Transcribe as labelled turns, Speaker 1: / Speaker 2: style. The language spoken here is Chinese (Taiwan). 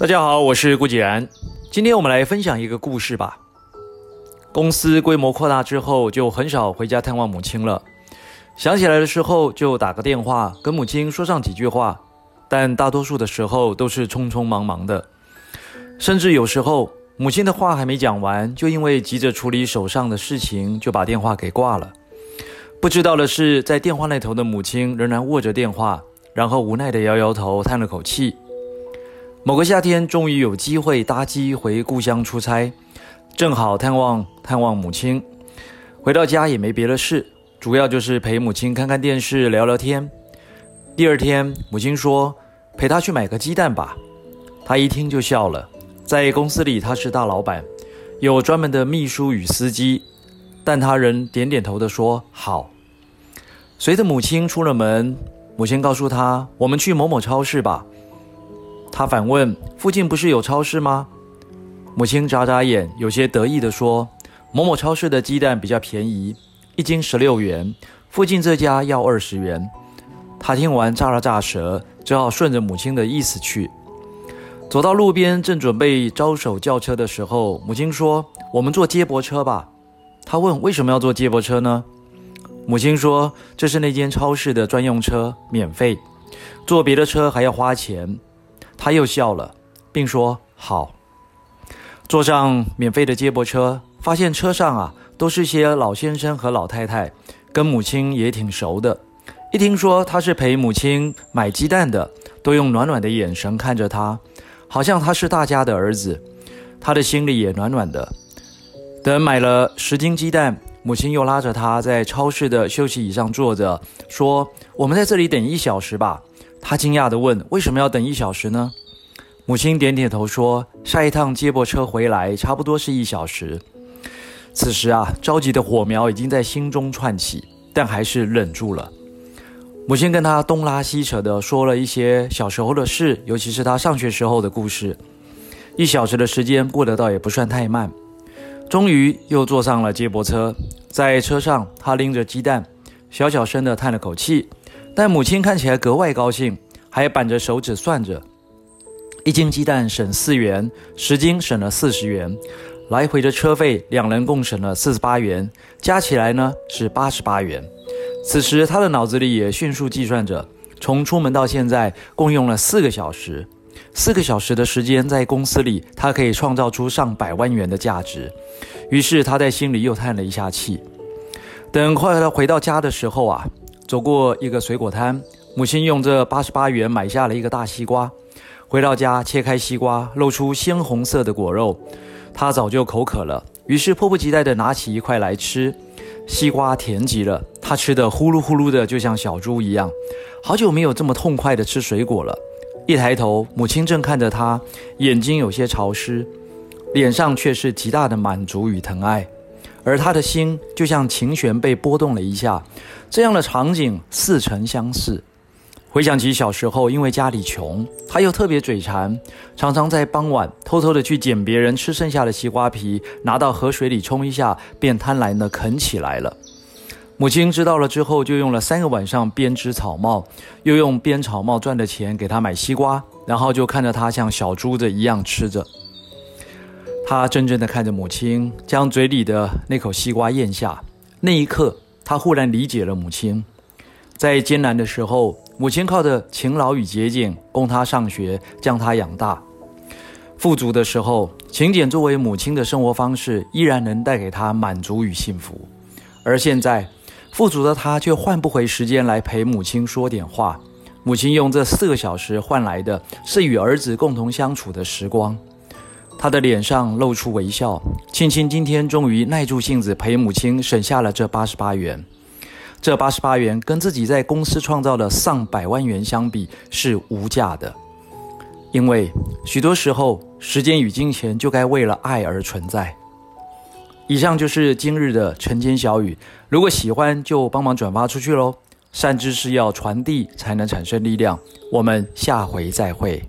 Speaker 1: 大家好，我是顧瑾然。今天我們來分享一個故事吧。公司規模擴大之後，就很少回家探望母親了。想起來的時候，就打個電話跟母親說上幾句話，但大多數的時候都是匆匆忙忙的。甚至有時候，母親的話還沒講完，就因為急着處理手上的事情，就把電話給掛了。不知道的是，在電話那頭的母親仍然握着電話，然後無奈地搖搖頭，嘆了口氣。某個夏天，終於有機會搭機回故鄉出差，正好探望探望母親。回到家也沒別的事，主要就是陪母親看看電視、聊聊天。第二天，母親說：“陪他去買個雞蛋吧。”他一聽就笑了。在公司裡，他是大老板，有專門的秘書與司機，但他仍點點頭的說：“好。”隨着母親出了門，母親告訴他：“我們去某某超市吧。”他反問：“附近不是有超市嗎？”母親眨眨眼，有些得意地說：“某某超市的雞蛋比較便宜，一斤十六元，附近這家要二十元。”他聽完咂了咂舌，只好順着母親的意思去。走到路邊，正準備招手叫車的時候，母親說：“我們坐接駁車吧。”他問：“為什麼要坐接駁車呢？”母親說：“這是那間超市的專用車，免費。坐別的車還要花錢。”他又笑了，並說：“好。”坐上免費的接駁車，發現車上啊，都是些老先生和老太太，跟母親也挺熟的。一聽說他是陪母親買雞蛋的，都用暖暖的眼神看着他，好像他是大家的兒子。他的心裡也暖暖的。等買了十斤雞蛋，母親又拉着他在超市的休息椅上坐着，說：“我們在這裡等一小時吧。”他驚訝地問：“為什麼要等一小時呢？”母親點點頭說：“下一趟接駁車回來差不多是一小時。”此時啊，着急的火苗已經在心中竄起，但還是忍住了。母親跟他東拉西扯的說了一些小時候的事，尤其是他上學時候的故事。一小時的時間過得倒也不算太慢。終於又坐上了接駁車，在車上，他拎着雞蛋，小小聲的嘆了口氣。但母親看起來格外高興，還板着手指算着：一斤雞蛋省四元，十斤省了四十元，來回的車費兩人共省了四十八元，加起來呢是八十八元。此時他的腦子裡也迅速計算着：從出門到現在共用了四個小時，四個小時的時間在公司裡，他可以創造出上百萬元的價值。於是他在心裡又嘆了一下氣。等快快回到家的時候啊。走過一個水果攤，母親用這八十八元買下了一個大西瓜。回到家，切開西瓜，露出鮮紅色的果肉。她早就口渴了，於是迫不及待地拿起一塊來吃。西瓜甜極了，她吃得呼嚕呼嚕的，就像小豬一樣。好久沒有這麼痛快地吃水果了。一抬頭，母親正看着她，眼睛有些潮濕，臉上卻是極大的滿足與疼愛。而他的心就像琴弦被撥動了一下，這樣的場景似曾相識。回想起小時候，因為家裡窮，他又特別嘴饞，常常在傍晚偷偷的去撿別人吃剩下的西瓜皮，拿到河水裡沖一下，便貪婪的啃起來了。母親知道了之後，就用了三個晚上編織草帽，又用編草帽賺的錢給他買西瓜，然後就看着他像小豬子一樣吃着。他怔怔地看着母親將嘴裡的那口西瓜咽下，那一刻，他忽然理解了母親。在艱難的時候，母親靠着勤勞與節儉供他上學，將他養大；富足的時候，勤儉作為母親的生活方式依然能帶給他滿足與幸福。而現在，富足的他卻換不回時間來陪母親說點話。母親用這四個小時換來的是與兒子共同相處的時光。他的臉上露出微笑。青青今天終於耐住性子陪母親省下了這八十八元。這八十八元跟自己在公司創造的上百萬元相比是無價的。因為許多時候，時間與金錢就該為了愛而存在。以上就是今日的晨間小語。如果喜歡，就幫忙轉發出去嘍。善知識要傳遞才能產生力量。我們下回再會。